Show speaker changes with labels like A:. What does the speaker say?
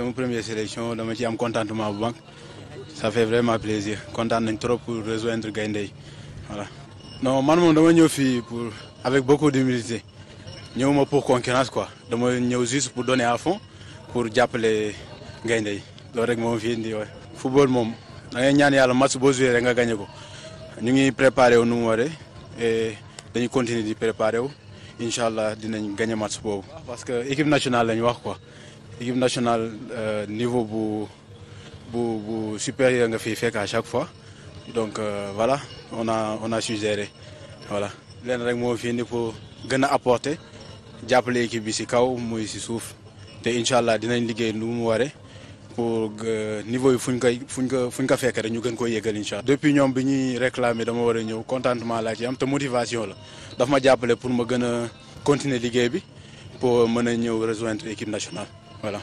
A: sama premier sélection dama ci am contentement bu mag ça fait vraiment plaisir kontaan nañ trop pour rejoindre Gaynde yi voilà. man moom dama ñëw fii pour avec beaucoup ñëw ma pour concurrence quoi dama ñëw juste pour donner à fond pour jàppale Gaynde yi loolu rek moom fi indi waay. football moom da ngay ñaan yàlla match boo joué rek nga gagné ko ñu ngi préparé wu nu mu waree et dañuy continuer di préparé wu incha allah dinañ gagné match boobu. parce que équipe nationale lañ wax ko équipe nationale euh, niveau bu bu bu supérieur nga fiy fekk à chaque fois donc euh, voilà on a on a su gérer leen rek moo fi ni pour gën a apporter jàppale équipe bi ci kaw muy ci suuf te incha allah dinañ liggéey nu mu waree pour niveau yi fu ñu koy fu ko fu ñu ko fekk rek ñu gën ko yëgal incha allah. depuis ñoom bi ñuy réclamer dama war a ñëw contentement laa ci am te motivation la daf ma jàppale pour ma gën a continuer liggéey bi. pour mën a ñëw rejoindre équipe nationale
B: voilà.